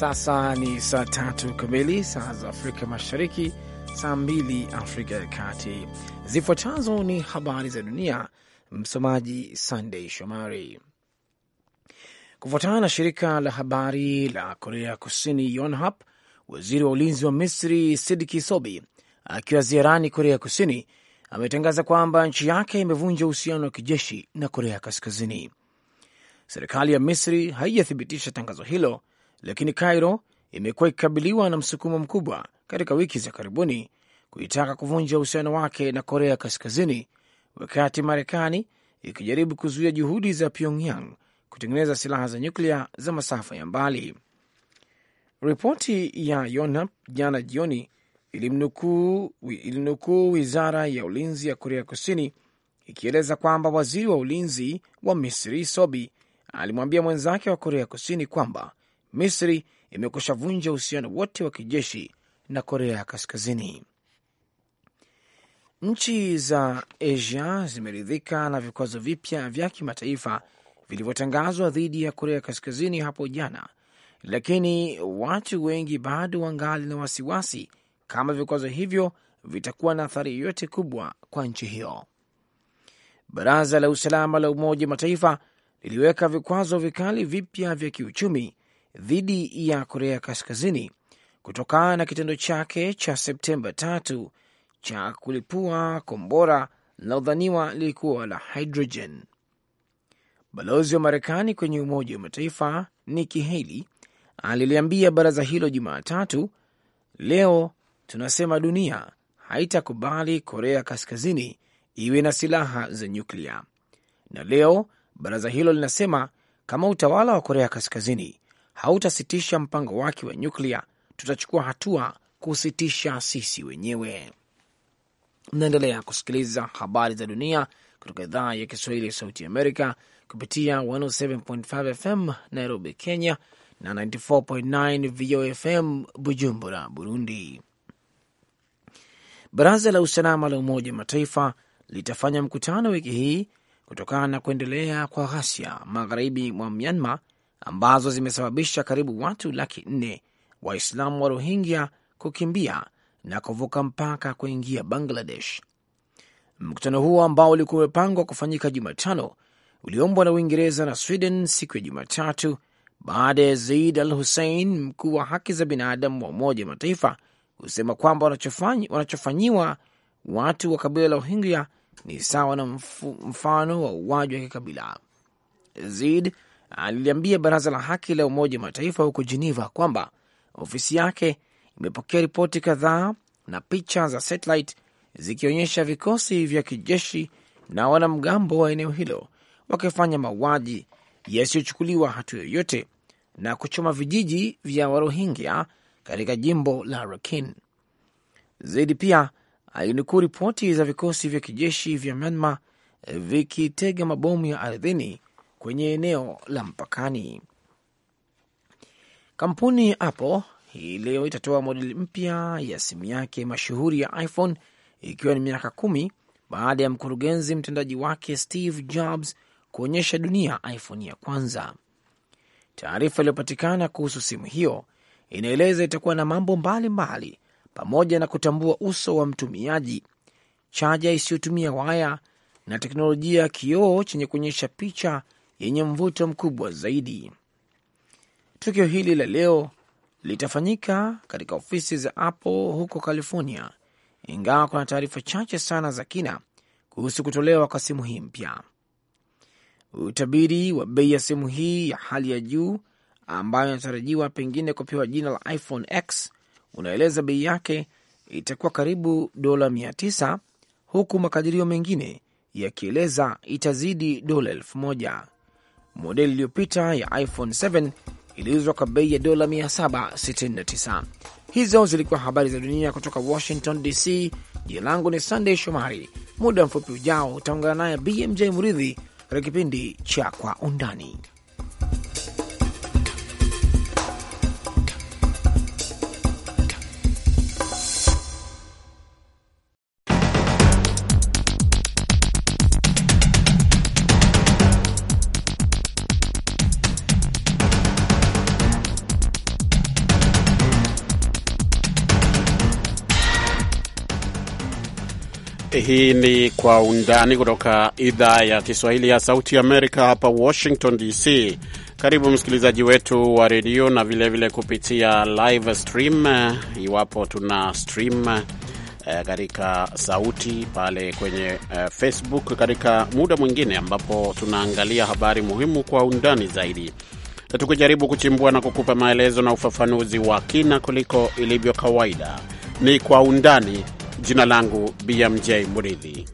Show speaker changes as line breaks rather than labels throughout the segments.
Sasa ni saa tatu kamili saa za Afrika Mashariki, saa mbili Afrika ya Kati. Zifuatazo ni habari za dunia, msomaji Sandei Shomari. Kufuatana na shirika la habari la Korea Kusini Yonhap, waziri wa ulinzi wa Misri sidiki Sobi akiwa ziarani Korea Kusini ametangaza kwamba nchi yake imevunja uhusiano wa kijeshi na Korea Kaskazini. Serikali ya Misri haijathibitisha tangazo hilo lakini Cairo imekuwa ikikabiliwa na msukumo mkubwa katika wiki za karibuni kuitaka kuvunja uhusiano wake na Korea Kaskazini, wakati Marekani ikijaribu kuzuia juhudi za Pyongyang kutengeneza silaha za nyuklia za masafa ya mbali. Ripoti ya Yonhap jana jioni ilimnukuu ilinukuu wizara ya ulinzi ya Korea Kusini ikieleza kwamba waziri wa ulinzi wa Misri Sobi alimwambia mwenzake wa Korea Kusini kwamba Misri imekosha vunja uhusiano wote wa kijeshi na Korea ya Kaskazini. Nchi za Asia zimeridhika na vikwazo vipya vya kimataifa vilivyotangazwa dhidi ya Korea Kaskazini hapo jana, lakini watu wengi bado wangali na wasiwasi kama vikwazo hivyo vitakuwa na athari yoyote kubwa kwa nchi hiyo. Baraza la Usalama la Umoja wa Mataifa liliweka vikwazo vikali vipya vya kiuchumi dhidi ya Korea Kaskazini kutokana na kitendo chake cha Septemba tatu cha kulipua kombora linalodhaniwa lilikuwa la hydrogen. Balozi wa Marekani kwenye Umoja wa Mataifa Nikki Haley aliliambia baraza hilo Jumatatu, leo tunasema dunia haitakubali Korea Kaskazini iwe na silaha za nyuklia, na leo baraza hilo linasema kama utawala wa Korea Kaskazini hautasitisha mpango wake wa nyuklia, tutachukua hatua kusitisha sisi wenyewe. Mnaendelea kusikiliza habari za dunia kutoka idhaa ya Kiswahili ya Sauti Amerika kupitia 107.5 FM Nairobi, Kenya na 94.9 VOFM Bujumbura, Burundi. Baraza la Usalama la Umoja wa Mataifa litafanya mkutano wiki hii kutokana na kuendelea kwa ghasia magharibi mwa Myanmar ambazo zimesababisha karibu watu laki nne Waislamu wa Rohingya kukimbia na kuvuka mpaka kuingia Bangladesh. Mkutano huo ambao ulikuwa umepangwa kufanyika Jumatano uliombwa na Uingereza na Sweden siku ya Jumatatu baada ya Zaid Al Hussein, mkuu wa haki za binadamu wa Umoja wa Mataifa, kusema kwamba wanachofanyiwa watu wa kabila la Rohingya ni sawa na mfano wa uwaji wa kikabila. Zaid aliliambia baraza la haki la Umoja wa Mataifa huko Geneva kwamba ofisi yake imepokea ripoti kadhaa na picha za satellite zikionyesha vikosi vya kijeshi na wanamgambo wa eneo hilo wakifanya mauaji yasiyochukuliwa hatua yoyote na kuchoma vijiji vya Warohingya katika jimbo la Rakhine. Zaidi pia alinukuu ripoti za vikosi vya kijeshi vya Myanmar vikitega mabomu ya ardhini kwenye eneo la mpakani. Kampuni Apple hii leo itatoa modeli mpya ya simu yake mashuhuri ya iPhone ikiwa ni miaka kumi baada ya mkurugenzi mtendaji wake Steve Jobs kuonyesha dunia iPhone ya kwanza. Taarifa iliyopatikana kuhusu simu hiyo inaeleza itakuwa na mambo mbalimbali mbali, pamoja na kutambua uso wa mtumiaji, chaja isiyotumia waya na teknolojia ya kioo chenye kuonyesha picha yenye mvuto mkubwa zaidi. Tukio hili la leo litafanyika katika ofisi za Apple huko California, ingawa kuna taarifa chache sana za kina kuhusu kutolewa kwa simu hii mpya. Utabiri wa bei ya simu hii ya hali ya juu ambayo inatarajiwa pengine kupewa jina la iPhone X unaeleza bei yake itakuwa karibu dola 900 huku makadirio mengine yakieleza itazidi dola elfu moja modeli iliyopita ya iPhone 7 iliuzwa kwa bei ya dola 769. Hizo zilikuwa habari za dunia kutoka Washington DC. Jina langu ni Sandey Shomari. Muda mfupi ujao utaungana naye BMJ Muridhi katika kipindi cha Kwa Undani.
Hii ni Kwa Undani kutoka idhaa ya Kiswahili ya Sauti Amerika, hapa Washington DC. Karibu msikilizaji wetu wa redio na vilevile vile kupitia live stream, iwapo tuna stream eh, katika sauti pale kwenye eh, Facebook, katika muda mwingine ambapo tunaangalia habari muhimu kwa undani zaidi, tukijaribu kuchimbua na kukupa maelezo na ufafanuzi wa kina kuliko ilivyo kawaida. Ni Kwa Undani. Jina langu BMJ Muridhi.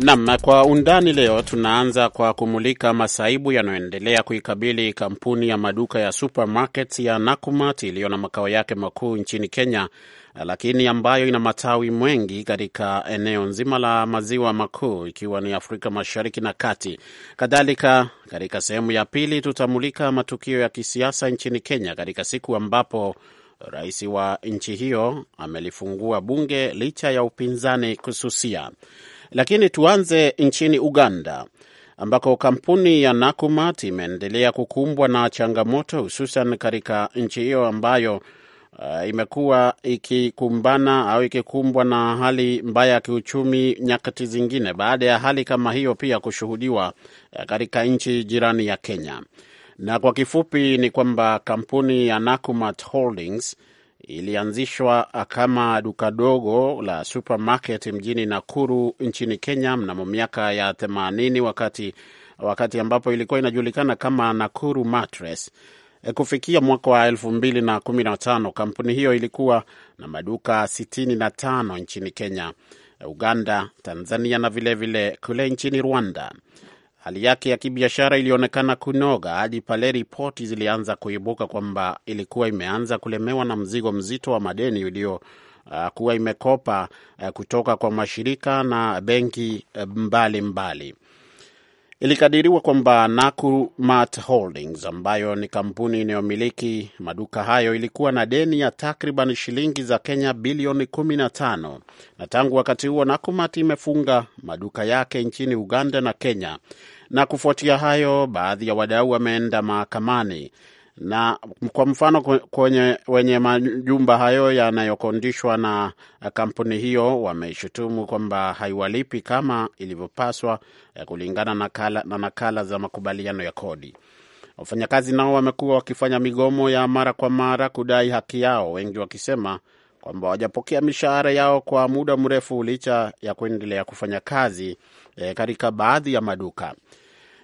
Nam, kwa undani leo tunaanza kwa kumulika masaibu yanayoendelea kuikabili kampuni ya maduka ya supermarket ya nakumat iliyo na makao yake makuu nchini Kenya lakini ambayo ina matawi mengi katika eneo nzima la maziwa makuu ikiwa ni Afrika Mashariki na Kati. Kadhalika, katika sehemu ya pili tutamulika matukio ya kisiasa nchini Kenya katika siku ambapo rais wa nchi hiyo amelifungua bunge licha ya upinzani kususia. Lakini tuanze nchini Uganda ambako kampuni ya Nakumat imeendelea kukumbwa na changamoto hususan katika nchi hiyo ambayo uh, imekuwa ikikumbana au ikikumbwa na hali mbaya ya kiuchumi nyakati zingine, baada ya hali kama hiyo pia kushuhudiwa uh, katika nchi jirani ya Kenya. Na kwa kifupi ni kwamba kampuni ya Nakumat Holdings ilianzishwa uh, kama duka dogo la supermarket mjini Nakuru nchini Kenya mnamo miaka ya 80 wakati, wakati ambapo ilikuwa inajulikana kama Nakuru Mattress Eh, kufikia mwaka wa 2015 kampuni hiyo ilikuwa na maduka 65 nchini Kenya, eh, Uganda, Tanzania na vilevile vile kule nchini Rwanda. Hali yake ya kibiashara ilionekana kunoga hadi pale ripoti zilianza kuibuka kwamba ilikuwa imeanza kulemewa na mzigo mzito wa madeni ulio uh, kuwa imekopa uh, kutoka kwa mashirika na benki mbalimbali. Ilikadiriwa kwamba Nakumatt Holdings ambayo ni kampuni inayomiliki maduka hayo ilikuwa na deni ya takriban shilingi za Kenya bilioni 15, na tangu wakati huo Nakumatt imefunga maduka yake nchini Uganda na Kenya. Na kufuatia hayo, baadhi ya wadau wameenda mahakamani na kwa mfano kwenye wenye majumba hayo yanayokondishwa na kampuni hiyo wameshutumu kwamba haiwalipi kama ilivyopaswa eh, kulingana na nakala, na nakala za makubaliano ya kodi. Wafanyakazi nao wamekuwa wakifanya migomo ya mara kwa mara kudai haki yao, wengi wakisema kwamba wajapokea mishahara yao kwa muda mrefu licha ya kuendelea kufanya kazi eh, katika baadhi ya maduka.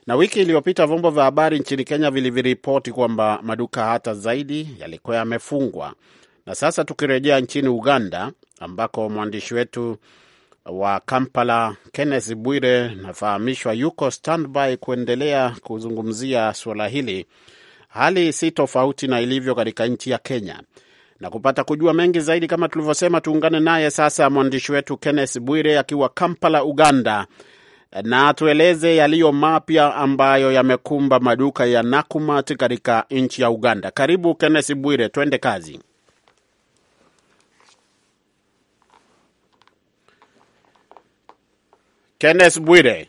Na wiki iliyopita vyombo vya habari nchini Kenya viliviripoti kwamba maduka hata zaidi yalikuwa yamefungwa. Na sasa tukirejea nchini Uganda, ambako mwandishi wetu wa Kampala Kenneth Bwire nafahamishwa yuko standby kuendelea kuzungumzia suala hili. Hali si tofauti na ilivyo katika nchi ya Kenya. Na kupata kujua mengi zaidi, kama tulivyosema, tuungane naye sasa, mwandishi wetu Kenneth Bwire akiwa Kampala, Uganda, na tueleze yaliyo mapya ambayo yamekumba maduka ya nakumat katika nchi ya Uganda. Karibu kennes Bwire, twende kazi. kennes Bwire.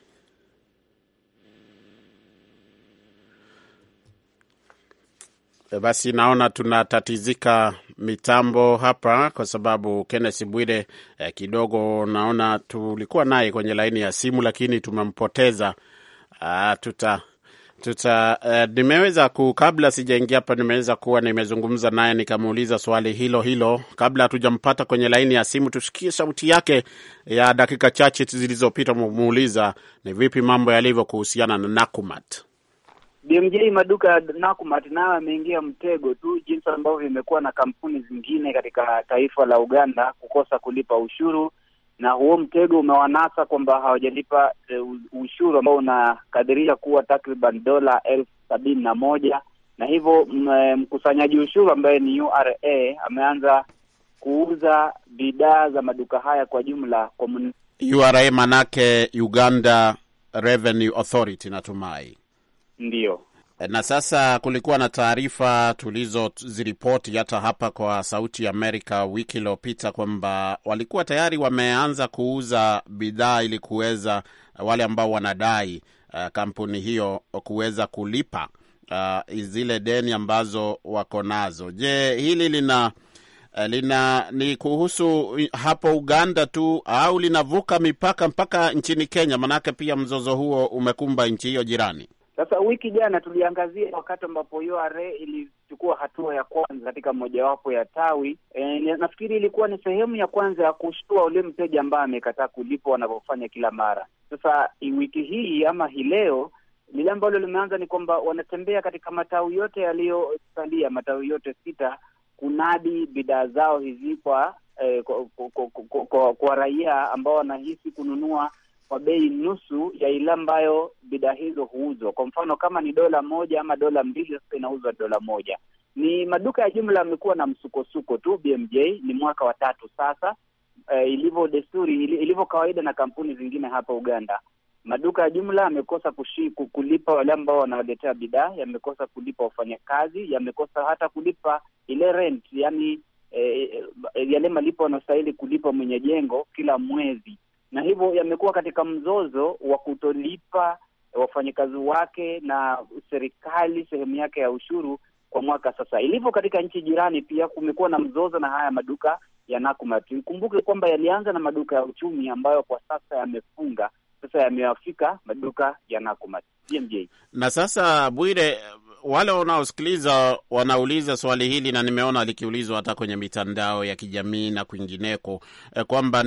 Basi naona tunatatizika mitambo hapa, kwa sababu kennes Bwire eh, kidogo naona tulikuwa naye kwenye laini ya simu, lakini tumempoteza. Ah, tuta tuta uh, nimeweza ku kabla sijaingia hapa, nimeweza kuwa nimezungumza naye nikamuuliza swali hilo hilo kabla hatujampata kwenye laini ya simu. Tusikie sauti yake ya dakika chache zilizopita, muuliza ni vipi mambo yalivyo kuhusiana na Nakumat.
BMJ maduka ya Nakumat nayo ameingia mtego tu, jinsi ambavyo imekuwa na kampuni zingine katika taifa la Uganda kukosa kulipa ushuru, na huo mtego umewanasa kwamba hawajalipa e, ushuru ambao unakadiria kuwa takriban dola elfu sabini na moja na hivyo mm, eh, mkusanyaji ushuru ambaye ni URA ameanza kuuza bidhaa za maduka haya kwa jumla kwa mun...
URA manake Uganda Revenue Authority natumai ndio Na sasa kulikuwa na taarifa tulizoziripoti hata hapa kwa Sauti ya Amerika wiki iliyopita kwamba walikuwa tayari wameanza kuuza bidhaa ili kuweza wale ambao wanadai uh, kampuni hiyo kuweza kulipa uh, zile deni ambazo wako nazo. Je, hili lina eh, lina ni kuhusu hapo Uganda tu au linavuka mipaka mpaka nchini Kenya? Manake pia mzozo huo umekumba nchi hiyo jirani.
Sasa wiki jana tuliangazia wakati ambapo URA ilichukua hatua ya kwanza katika mojawapo ya tawi e, nafikiri ilikuwa ni sehemu ya kwanza ya kushtua ule mteja ambaye amekataa kulipa wanavyofanya kila mara. Sasa wiki hii ama hii leo lile ambalo limeanza ni kwamba wanatembea katika matawi yote yaliyosalia, matawi yote sita, kunadi bidhaa zao hizi kwa, eh, kwa, kwa, kwa, kwa, kwa raia ambao wanahisi kununua kwa bei nusu ya ile ambayo bidhaa hizo huuzwa. Kwa mfano kama ni dola moja ama dola mbili, sasa inauzwa dola moja. Ni maduka ya jumla yamekuwa na msukosuko tu, BMJ ni mwaka wa tatu sasa. Uh, ilivyo desturi, ilivyo kawaida na kampuni zingine hapa Uganda, maduka ya jumla yamekosa kulipa wale ambao wanawaletea bidhaa, yamekosa kulipa wafanyakazi, yamekosa hata kulipa ile rent, yani eh, eh yale malipo wanaostahili kulipa mwenye jengo kila mwezi na hivyo yamekuwa katika mzozo wa kutolipa wafanyakazi wake na serikali sehemu yake ya ushuru kwa mwaka sasa. Ilivyo katika nchi jirani, pia kumekuwa na mzozo na haya maduka ya Nakumat. Ikumbuke kwamba yalianza na maduka ya uchumi ambayo kwa sasa yamefunga, sasa yamewafika maduka ya Nakumat. BMJ.
Na sasa Bwire, wale wanaosikiliza wanauliza swali hili, na nimeona likiulizwa hata kwenye mitandao ya kijamii na kwingineko, eh, kwamba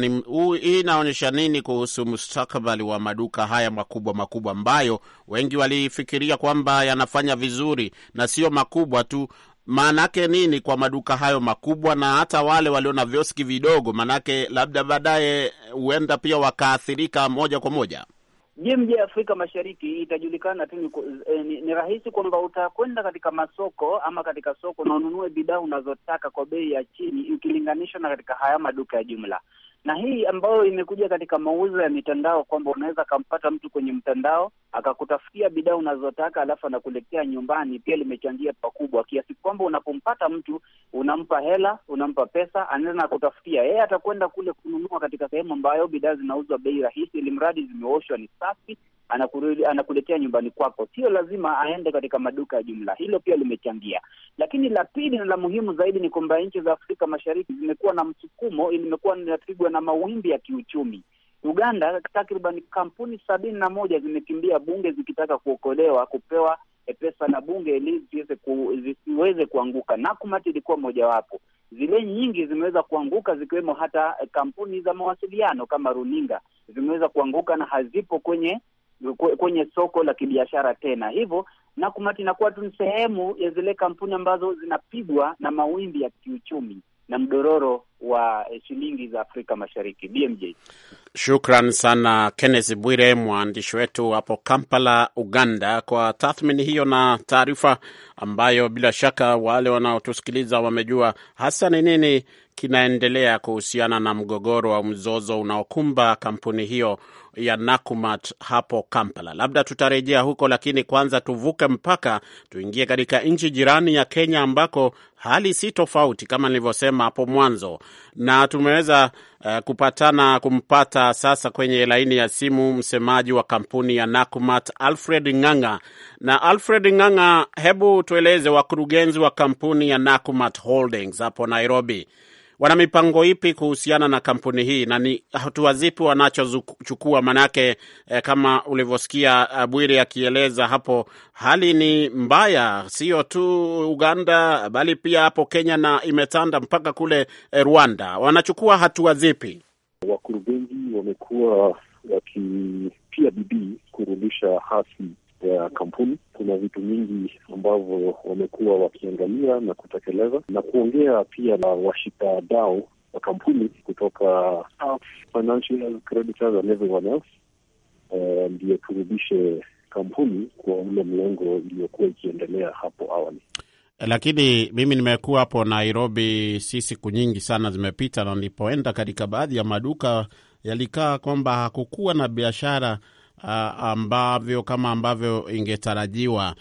hii inaonyesha nini kuhusu mustakabali wa maduka haya makubwa makubwa ambayo wengi walifikiria kwamba yanafanya vizuri na sio makubwa tu Maanake nini kwa maduka hayo makubwa na hata wale walio na vioski vidogo? Maanake labda baadaye huenda pia wakaathirika moja kwa moja.
BMJ Afrika Mashariki itajulikana tu eh, ni, ni rahisi kwamba utakwenda katika masoko ama katika soko na ununue bidhaa unazotaka kwa bei ya chini ikilinganishwa na katika haya maduka ya jumla na hii ambayo imekuja katika mauzo ya mitandao kwamba unaweza akampata mtu kwenye mtandao akakutafutia bidhaa unazotaka alafu anakuletea nyumbani, pia limechangia pakubwa, kiasi kwamba unapompata mtu unampa hela, unampa pesa, anaenda nakutafutia yeye, atakwenda kule kununua katika sehemu ambayo bidhaa zinauzwa bei rahisi, ili mradi zimeoshwa, ni safi anakuletea nyumbani kwako, sio lazima aende katika maduka ya jumla. Hilo pia limechangia, lakini la pili na la muhimu zaidi ni kwamba nchi za Afrika Mashariki zimekuwa na msukumo, limekuwa inapigwa na mawimbi ya kiuchumi. Uganda, takriban kampuni sabini na moja zimekimbia bunge zikitaka kuokolewa, kupewa pesa na bunge ili zisiweze kuanguka. Nakumati ilikuwa mojawapo zile nyingi zimeweza kuanguka zikiwemo hata kampuni za mawasiliano kama runinga zimeweza kuanguka na hazipo kwenye kwenye soko la kibiashara tena. Hivyo NAKUMAT inakuwa tu ni sehemu ya zile kampuni ambazo zinapigwa na mawimbi ya kiuchumi na mdororo wa eh, shilingi za Afrika Mashariki. BMJ,
shukran sana Kenneth Bwire, mwandishi wetu hapo Kampala, Uganda, kwa tathmini hiyo na taarifa ambayo bila shaka wale wanaotusikiliza wamejua hasa ni nini kinaendelea kuhusiana na mgogoro wa mzozo unaokumba kampuni hiyo ya Nakumat hapo Kampala. Labda tutarejea huko, lakini kwanza tuvuke mpaka tuingie katika nchi jirani ya Kenya ambako hali si tofauti kama nilivyosema hapo mwanzo, na tumeweza uh, kupatana kumpata sasa kwenye laini ya simu msemaji wa kampuni ya Nakumat, Alfred Ng'ang'a. Na Alfred Ng'ang'a, hebu tueleze, wakurugenzi wa kampuni ya Nakumat Holdings hapo Nairobi wana mipango ipi kuhusiana na kampuni hii na ni hatua zipi wanachochukua? Manake eh, kama ulivyosikia eh, Bwiri akieleza hapo, hali ni mbaya, sio tu Uganda bali pia hapo Kenya na imetanda mpaka kule eh, Rwanda. Wanachukua hatua zipi?
Wakurugenzi wamekuwa wakitia bidii kurudisha hasi ya kampuni. Kuna vitu mingi ambavyo wamekuwa wakiangalia na kutekeleza na kuongea pia na dao wa kampuni kutoka financial creditors and everyone else eh, ndiyo, uh, turudishe kampuni kwa ule mlengo iliyokuwa ikiendelea hapo awali.
Lakini mimi nimekuwa hapo Nairobi, si siku nyingi sana zimepita, na nilipoenda katika baadhi ya maduka yalikaa kwamba hakukuwa na biashara uh, ambavyo kama ambavyo ingetarajiwa.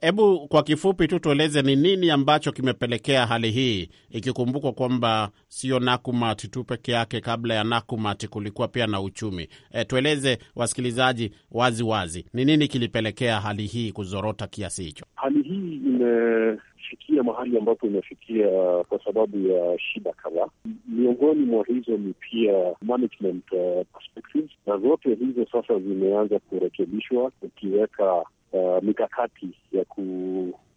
Hebu e, e kwa kifupi tu tueleze ni nini ambacho kimepelekea hali hii, ikikumbukwa kwamba sio Nakumat tu peke yake. Kabla ya Nakumat kulikuwa pia na uchumi. E, tueleze wasikilizaji waziwazi ni nini kilipelekea hali hii kuzorota kiasi hicho.
Hali hii ime imefikia mahali ambapo imefikia uh, kwa sababu ya shida kadhaa. Miongoni mwa hizo ni pia management uh, perspectives, na zote hizo sasa zimeanza kurekebishwa, ukiweka uh, mikakati ya ku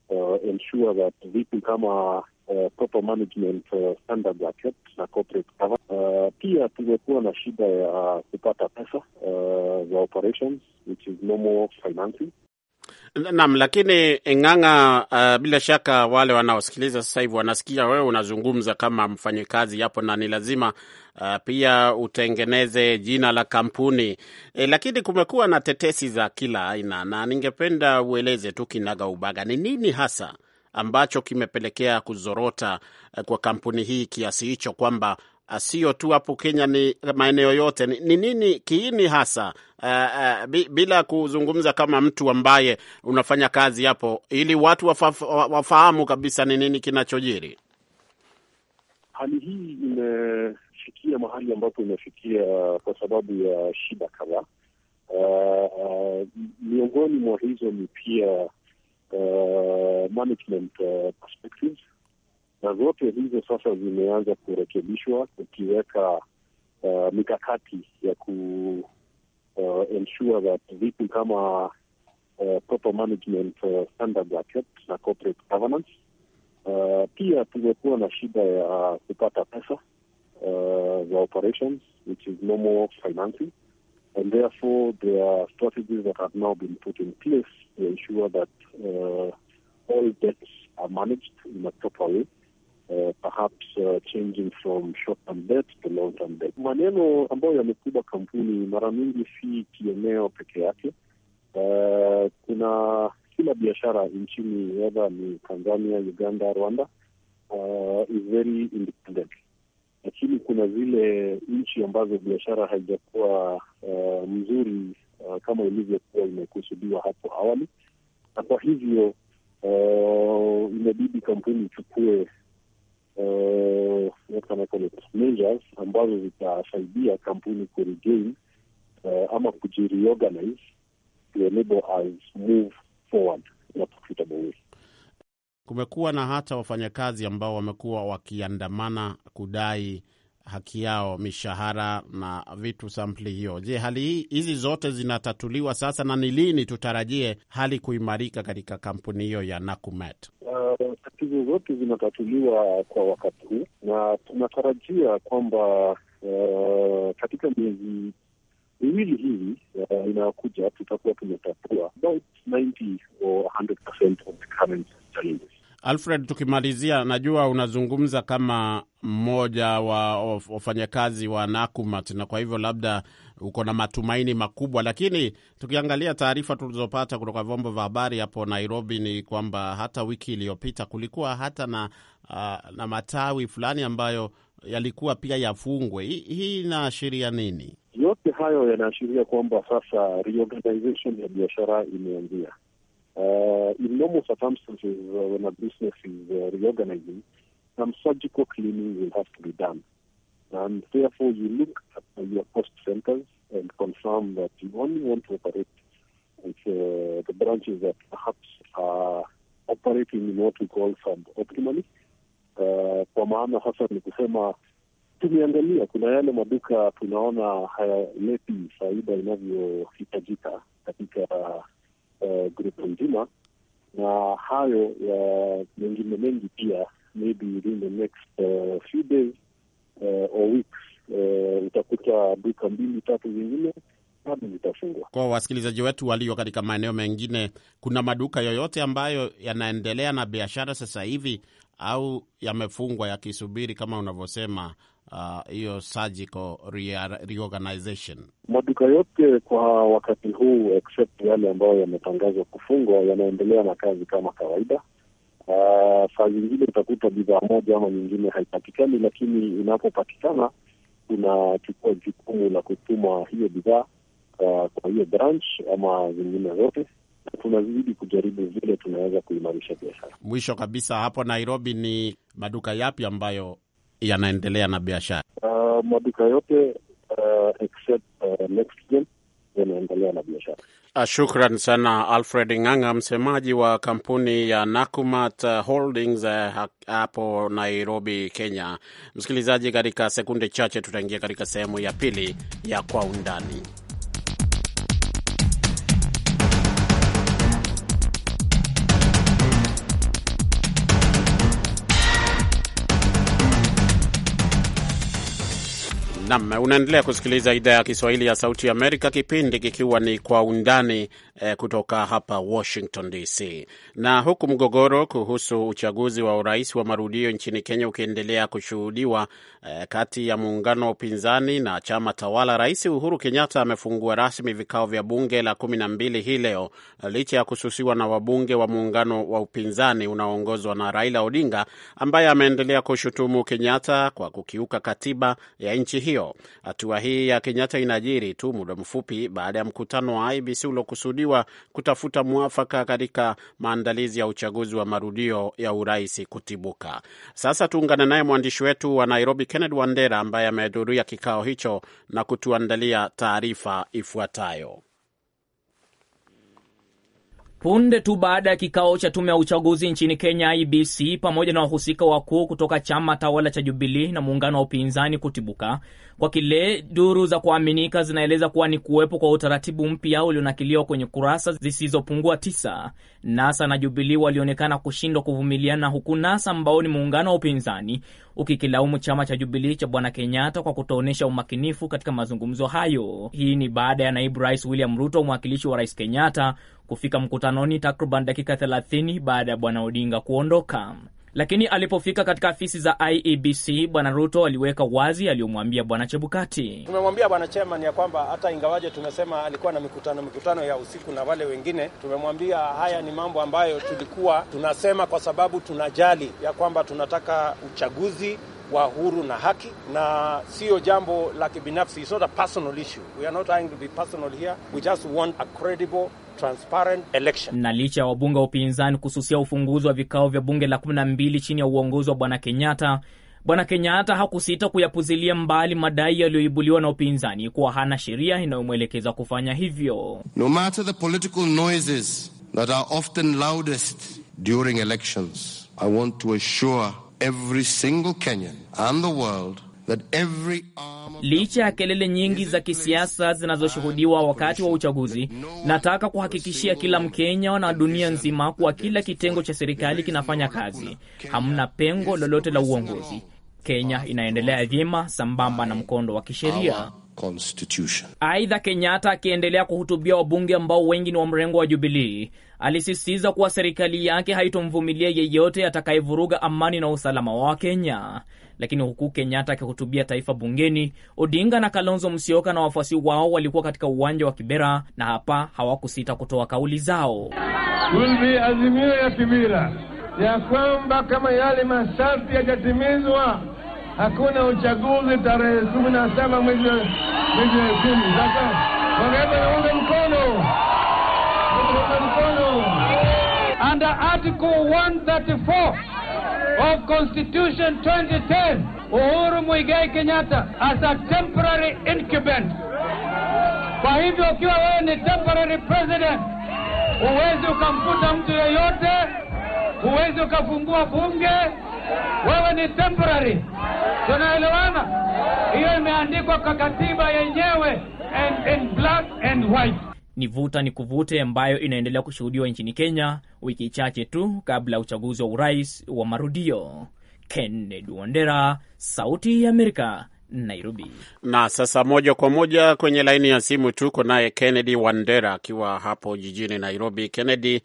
uh, ensure that vitu kama uh, proper management uh, na corporate cover. Uh, pia tumekuwa na shida ya kupata pesa uh, za operations which is normal financing
Naam, lakini Ng'ang'a, uh, bila shaka wale wanaosikiliza sasa hivi wanasikia wewe unazungumza kama mfanyikazi hapo, na ni lazima uh, pia utengeneze jina la kampuni e, lakini kumekuwa na tetesi za kila aina, na ningependa ueleze tu kinaga ubaga ni nini hasa ambacho kimepelekea kuzorota kwa kampuni hii kiasi hicho kwamba Ah, sio tu hapo Kenya, ni maeneo yote. Ni nini kiini hasa uh, uh, bila kuzungumza kama mtu ambaye unafanya kazi hapo, ili watu wafa, wafahamu kabisa ni nini kinachojiri?
Hali hii imefikia mahali ambapo imefikia kwa sababu ya shida kadhaa. Uh, miongoni mwa hizo ni pia uh, management uh, perspectives na zote hizo sasa zimeanza kurekebishwa, ukiweka uh, mikakati ya ku uh, ensure that vitu kama uh, proper management uh, na corporate governance. Uh, pia tumekuwa na shida ya kupata pesa uh, za operations which is normal financing and therefore there are strategies that have now been put in place to ensure that uh, all debts are managed in a proper way Eh, perhaps uh, changing from short term debt to long term debt. Maneno ambayo yamekubwa kampuni mara nyingi si kieneo peke yake. Uh, kuna kila biashara nchini edha ni Tanzania, Uganda, Rwanda uh, is very independent, lakini kuna zile nchi ambazo biashara haijakuwa uh, mzuri uh, kama ilivyokuwa imekusudiwa hapo awali, na kwa hivyo uh, imebidi kampuni ichukue Eh, measures ambazo zitasaidia kampuni uh, ama kujireorganize to enable us move forward in a profitable way.
Kumekuwa na hata wafanyakazi ambao wamekuwa wakiandamana kudai haki yao, mishahara na vitu sampli hiyo. Je, hali hizi zote zinatatuliwa sasa, na ni lini tutarajie hali kuimarika katika kampuni hiyo ya Nakumatt?
tatizo zote zinatatuliwa kwa wakati huu na tunatarajia kwamba uh, katika miezi miwili hivi uh, eh, inayokuja tutakuwa tumetatua about 90 or 100% of the current challenges.
Alfred, tukimalizia, najua unazungumza kama mmoja wa wafanyakazi wa Nakumat na kwa hivyo labda uko na matumaini makubwa, lakini tukiangalia taarifa tulizopata kutoka vyombo vya habari hapo Nairobi ni kwamba hata wiki iliyopita kulikuwa hata na, uh, na matawi fulani ambayo yalikuwa pia yafungwe. Hii inaashiria nini?
Yote hayo yanaashiria kwamba sasa reorganization ya biashara imeanzia Uh, in normal circumstances, uh, when a business is uh, reorganizing, some surgical cleaning will have to be done. And therefore, you look at your cost centers and confirm that you only want to operate with uh, the branches that perhaps are operating in what we call suboptimally. Uh, kwa maana hasa ni kusema tumeangalia, kuna yale maduka tunaona hayaleti faida inavyohitajika katika uh, uh, grupu nzima, na hayo ya mengine mengi pia, maybe the next uh, few days uh, or weeks uh, utakuta duka mbili tatu zingine bado zitafungwa.
Kwa wasikilizaji wetu walio katika maeneo mengine, kuna maduka yoyote ambayo yanaendelea na biashara sasa hivi au yamefungwa yakisubiri kama unavyosema Uh, hiyo uh, surgical reorganization.
Maduka yote kwa wakati huu except yale ambayo yametangazwa kufungwa yanaendelea na kazi kama kawaida. Uh, saa zingine utakuta bidhaa moja ama nyingine haipatikani, lakini inapopatikana tunachukua jukumu la kutuma hiyo bidhaa uh, kwa hiyo branch ama
zingine zote
tunazidi kujaribu vile tunaweza kuimarisha biashara.
Mwisho kabisa, hapo Nairobi, ni maduka yapi ambayo yanaendelea na biashara?
Uh, maduka yote uh, except uh, ah, Next yanaendelea na biashara.
Shukran sana Alfred Ng'ang'a, msemaji wa kampuni ya Nakumat Holdings hapo Nairobi, Kenya. Msikilizaji, katika sekunde chache tutaingia katika sehemu ya pili ya Kwa Undani. Nam, unaendelea kusikiliza idhaa ya Kiswahili ya Sauti ya Amerika, kipindi kikiwa ni Kwa Undani eh, kutoka hapa Washington DC. Na huku mgogoro kuhusu uchaguzi wa urais wa marudio nchini Kenya ukiendelea kushuhudiwa eh, kati ya muungano wa upinzani na chama tawala, Rais Uhuru Kenyatta amefungua rasmi vikao vya bunge la kumi na mbili hii leo eh, licha ya kususiwa na wabunge wa muungano wa upinzani unaoongozwa na Raila Odinga ambaye ameendelea kushutumu Kenyatta kwa kukiuka katiba ya nchi hiyo hiyo. Hatua hii ya Kenyatta inajiri tu muda mfupi baada ya mkutano wa IBC uliokusudiwa kutafuta mwafaka katika maandalizi ya uchaguzi wa marudio ya urais kutibuka. Sasa tuungane naye mwandishi wetu wa Nairobi, kenned Wandera, ambaye amehudhuria kikao hicho na kutuandalia taarifa ifuatayo. Punde tu baada ya kikao cha tume ya uchaguzi nchini Kenya IBC
pamoja na wahusika wakuu kutoka chama tawala cha Jubilii na muungano wa upinzani kutibuka kwa kile duru za kuaminika zinaeleza kuwa ni kuwepo kwa utaratibu mpya ulionakiliwa kwenye kurasa zisizopungua tisa, NASA na Jubilii walionekana kushindwa kuvumiliana, huku NASA ambao ni muungano wa upinzani ukikilaumu chama cha Jubilii cha Bwana Kenyatta kwa kutoonyesha umakinifu katika mazungumzo hayo. Hii ni baada ya naibu rais William Ruto, mwakilishi wa rais Kenyatta, kufika mkutanoni takriban dakika 30 baada ya bwana Odinga kuondoka. Lakini alipofika katika afisi za IEBC, bwana Ruto aliweka wazi aliyomwambia bwana Chebukati.
Tumemwambia bwana Chairman ya kwamba hata ingawaje tumesema alikuwa na mikutano mikutano ya usiku na wale wengine, tumemwambia haya ni mambo ambayo tulikuwa tunasema kwa sababu tunajali ya kwamba tunataka uchaguzi wa huru na haki, na sio jambo la kibinafsi. It's not a personal issue, we are not trying to be personal here, we just want a credible transparent election.
Na licha ya wabunge wa upinzani kususia ufunguzi wa vikao vya bunge la 12 chini ya uongozi wa bwana Kenyatta, bwana Kenyatta hakusita kuyapuzilia mbali madai yaliyoibuliwa na upinzani kuwa hana sheria inayomwelekeza kufanya hivyo.
No matter the political noises that are often loudest during elections, I want to assure every single Kenyan and the world that every arm
of... Licha ya kelele nyingi za kisiasa zinazoshuhudiwa wakati wa uchaguzi, nataka kuhakikishia kila Mkenya na dunia nzima kuwa kila kitengo cha serikali kinafanya kazi. Hamna pengo lolote la uongozi. Kenya inaendelea vyema sambamba na mkondo wa kisheria. Aidha, Kenyatta akiendelea kuhutubia wabunge ambao wengi ni wa mrengo wa Jubilii alisisitiza kuwa serikali yake haitomvumilia yeyote atakayevuruga amani na usalama wa Kenya. Lakini huku Kenyatta akihutubia taifa bungeni, Odinga na Kalonzo Musyoka na wafuasi wao walikuwa katika uwanja wa Kibera na hapa hawakusita kutoa kauli zao.
Azimio ya Kibera ya kwamba kama yale masharti yajatimizwa hakuna uchaguzi tarehe kumi na saba
mwezi wa kumi. under Article 134
of Constitution 2010, Uhuru Muigai Kenyatta as a temporary incumbent. Kwa hivyo ukiwa wewe ni temporary president, huwezi ukamfuta mtu yeyote, huwezi ukafungua bunge, wewe ni temporary. Tunaelewana? Hiyo imeandikwa
kwa katiba yenyewe and in black and white
ni vuta ni kuvute ambayo inaendelea kushuhudiwa nchini Kenya wiki chache tu kabla ya uchaguzi wa urais wa marudio. Kennedy Wandera, Sauti ya Amerika, Nairobi.
Na sasa moja kwa moja kwenye laini ya simu tuko naye Kennedy Wandera akiwa hapo jijini Nairobi. Kennedy,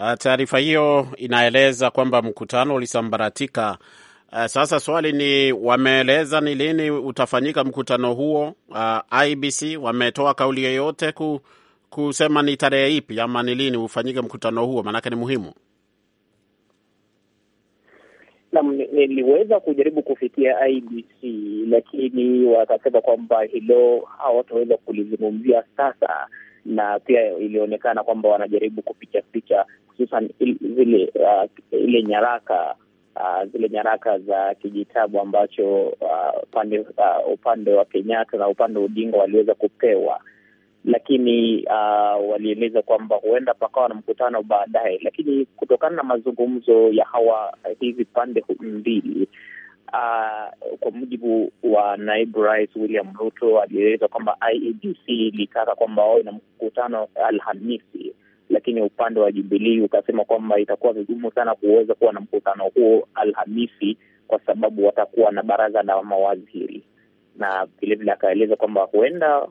uh, taarifa hiyo inaeleza kwamba mkutano ulisambaratika. Uh, sasa swali ni wameeleza ni lini utafanyika mkutano huo? Uh, IBC wametoa kauli yoyote ku kusema ni tarehe ipi ama ni lini ufanyike mkutano huo? Maanake ni muhimu.
Naam, niliweza kujaribu kufikia IBC lakini wakasema kwamba hilo hawataweza kulizungumzia sasa, na pia ilionekana kwamba wanajaribu kupicha picha hususan zile uh, ile nyaraka uh, zile nyaraka za kijitabu ambacho uh, upande uh, upande wa Kenyatta na upande wa Odinga waliweza kupewa lakini uh, walieleza kwamba huenda pakawa na mkutano baadaye, lakini kutokana na mazungumzo ya hawa hizi pande mbili Uh, kwa mujibu wa naibu rais William Ruto alieleza kwamba IEBC ilitaka kwamba wawe na mkutano Alhamisi, lakini upande wa Jubilii ukasema kwamba itakuwa vigumu sana kuweza kuwa na mkutano huo Alhamisi kwa sababu watakuwa na baraza la mawaziri, na vilevile akaeleza kwamba huenda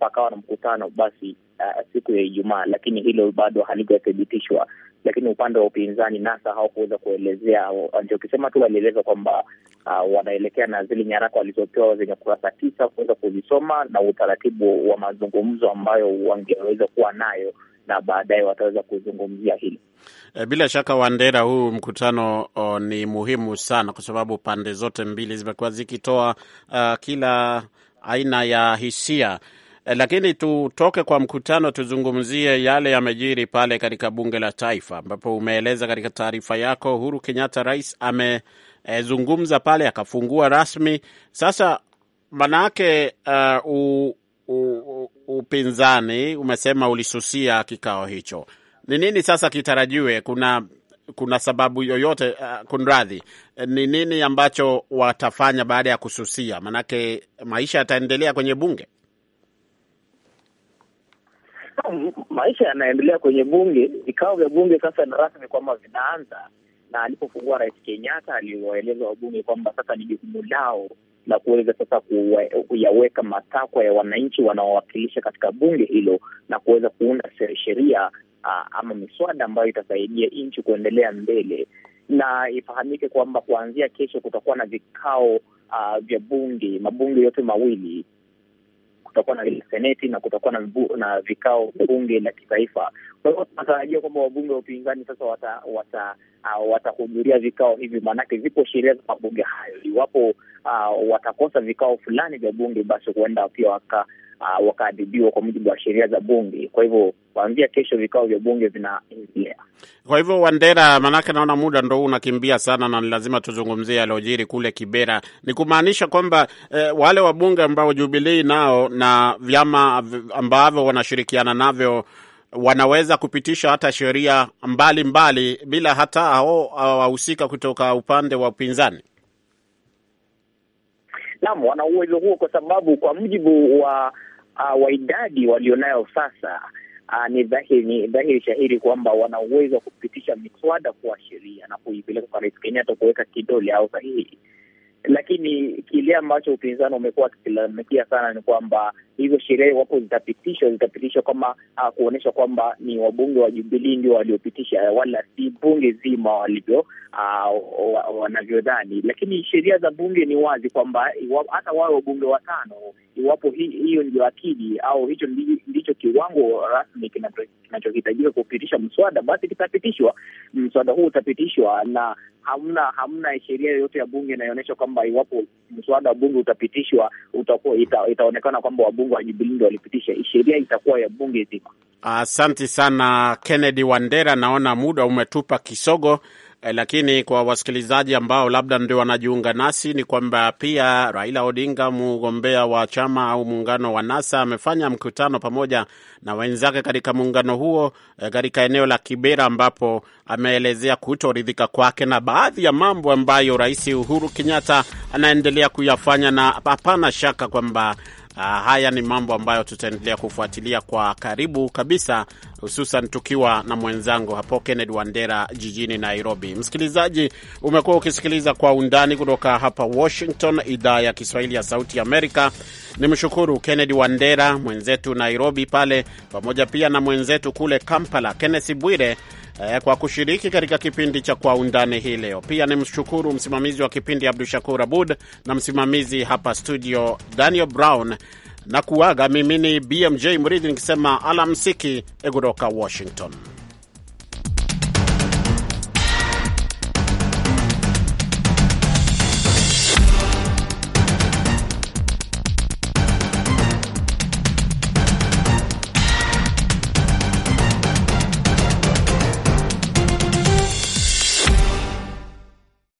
pakawa na mkutano basi uh, siku ya Ijumaa, lakini hilo bado halikuthibitishwa. Lakini upande wa upinzani NASA hawakuweza kuelezea alichokisema, tu walieleza kwamba uh, wanaelekea na zile nyaraka walizopewa zenye kurasa tisa kuweza kuzisoma na utaratibu wa mazungumzo ambayo wangeweza kuwa nayo na baadaye wataweza kuzungumzia hili.
Eh, bila shaka, Wandera, huu mkutano o, ni muhimu sana kwa sababu pande zote mbili zimekuwa zikitoa uh, kila aina ya hisia Eh, lakini tutoke kwa mkutano, tuzungumzie yale yamejiri pale katika bunge la taifa, ambapo umeeleza katika taarifa yako, Uhuru Kenyatta rais amezungumza e, pale akafungua rasmi. Sasa manake uh, u, u, upinzani umesema ulisusia kikao hicho. Ni nini sasa kitarajiwe? Kuna kuna sababu yoyote uh, kunradhi, ni nini ambacho watafanya baada ya kususia? Manake maisha yataendelea kwenye bunge
maisha yanaendelea kwenye bunge, vikao vya bunge sasa ni rasmi kwamba vinaanza, na alipofungua Rais Kenyatta aliwaeleza wabunge kwamba sasa ni jukumu lao la kuweza sasa kuyaweka matakwa ya wananchi wanaowakilisha katika bunge hilo na kuweza kuunda sheria ama miswada ambayo itasaidia nchi kuendelea mbele. Na ifahamike kwamba kuanzia kesho kutakuwa na vikao vya bunge, mabunge yote mawili kutakuwa na seneti na kutakuwa na, na vikao bunge la kitaifa. Kwa hivyo tunatarajia kwamba wabunge wa upinzani sasa watahudhuria wata, uh, vikao hivi, maanake zipo sheria za mabunge hayo. Iwapo uh, watakosa vikao fulani vya bunge, basi huenda pia waka uh, wakaadhibiwa kwa mujibu wa sheria za bunge. Kwa hivyo kuanzia kesho vikao vya bunge vinaingia.
Kwa hivyo, Wandera, maanake naona muda ndo unakimbia sana, na lazima tuzungumzie yaliyojiri kule Kibera. Ni kumaanisha kwamba eh, wale wabunge ambao Jubilii nao na vyama ambavyo wanashirikiana navyo wanaweza kupitisha hata sheria mbalimbali bila hata hao wahusika kutoka upande wa upinzani.
Naam, wana uwezo huo kwa sababu kwa mujibu wa uh, wa idadi walionayo sasa uh, ni dhahiri ni dhahiri shahiri kwamba wana uwezo wa kupitisha miswada kuwa sheria na kuipeleka kwa Rais Kenyatta kuweka kidole au sahihi lakini kile ambacho upinzani umekuwa wakikilalamikia sana ni kwamba hizo sheria iwapo zitapitishwa, zitapitishwa kama uh, kuonyesha kwamba ni wabunge wa Jubilii ndio waliopitisha, wala si bunge zima walivyo uh, wanavyodhani. Lakini sheria za bunge ni wazi kwamba hata wawe wabunge watano, iwapo hiyo ndio akidi au hicho ndicho kiwango rasmi kinachohitajika kupitisha mswada, basi kitapitishwa, mswada huu utapitishwa, na hamna hamna sheria yoyote ya bunge inayoonyesha kwamba kwamba iwapo mswada wa bunge utapitishwa utakuwa ita, itaonekana kwamba wabunge wa Jubilee ndio walipitisha sheria, itakuwa ya bunge zima.
Asante sana Kennedy Wandera, naona muda umetupa kisogo. Eh, lakini kwa wasikilizaji ambao labda ndio wanajiunga nasi ni kwamba pia Raila Odinga, mgombea wa chama au muungano wa NASA, amefanya mkutano pamoja na wenzake katika muungano huo eh, katika eneo la Kibera, ambapo ameelezea kutoridhika kwake na baadhi ya mambo ambayo Rais Uhuru Kenyatta anaendelea kuyafanya, na hapana shaka kwamba Uh, haya ni mambo ambayo tutaendelea kufuatilia kwa karibu kabisa, hususan tukiwa na mwenzangu hapo Kennedy Wandera jijini Nairobi. Msikilizaji, umekuwa ukisikiliza Kwa Undani kutoka hapa Washington, idhaa ya Kiswahili ya Sauti Amerika. Ni mshukuru Kennedy Wandera mwenzetu Nairobi pale, pamoja pia na mwenzetu kule Kampala Kenneth Bwire eh, kwa kushiriki katika kipindi cha Kwa Undani hii leo. Pia ni mshukuru msimamizi wa kipindi Abdu Shakur Abud na msimamizi hapa studio Daniel Brown na kuaga. Mimi ni BMJ Mridhi nikisema alamsiki kutoka Washington.